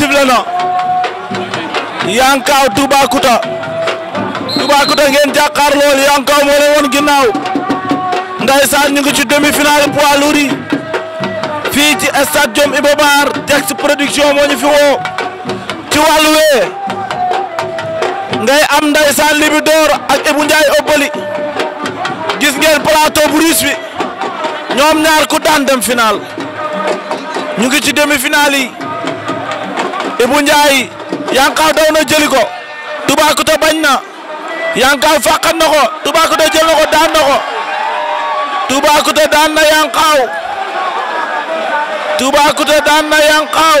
sifle na Yankaw Toubacouta ngeen jàkkaar lool Yankaw moo leen woon ginnaaw ndeysaan ñu ngi ci demi finale poids fii ci stade Diom Iba Mar Tekz Production moo ñu fi woo ci wàllu wee ngay am ndeysaan Libidor ak Ibou Ndiaye Obali gis ngeen plateau bu riche ñoom ñaar ku daan dem final ñu ngi ci demi finale Ibou Ndiaye Yankaw daw na jëli ko Toubacouta bañ na Yankaw fàqat na ko Toubacouta jël na ko daan na ko daan na Yankaw Toubacouta daan na Yankaw